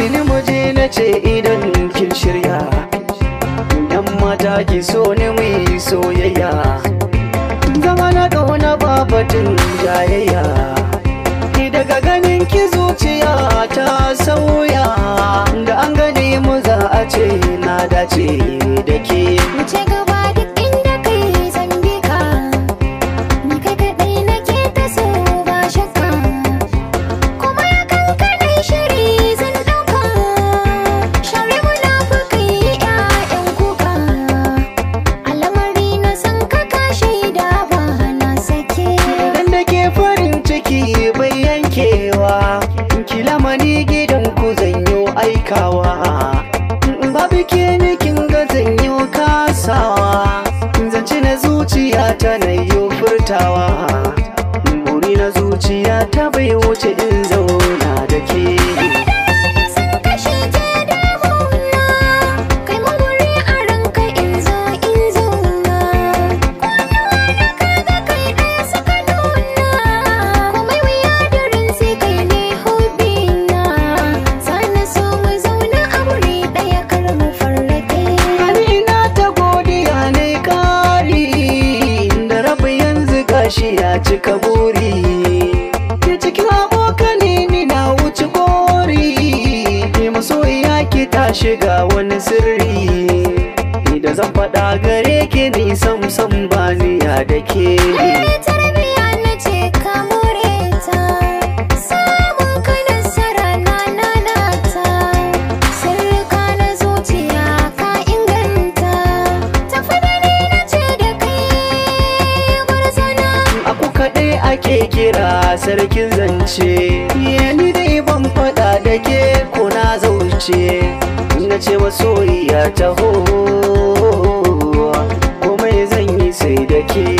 kafin muje na ce idan kin shirya yan mata ki so ni mai soyayya zama na baba babatin jayayya ki daga ganin ki zuciya ta sauya ki lamani gidan ku zanyo aikawa mm, babike ke ne kin ga zanyo kasawa mm, ci na zuciya ta na yo furtawa mm, buri na zuciya ta bai wuce in zauna da ke shi ya cika buri ke cikin abokane ni na wuce gori ke masoyiya ki ta shiga wani sirri da zan faɗa gare ki ni sam sam ba ni ya da ke ke kira sarkin zance ni dai ban faɗa da ke ko na zauce na ce soyayya ta, taho komai zan yi sai da ke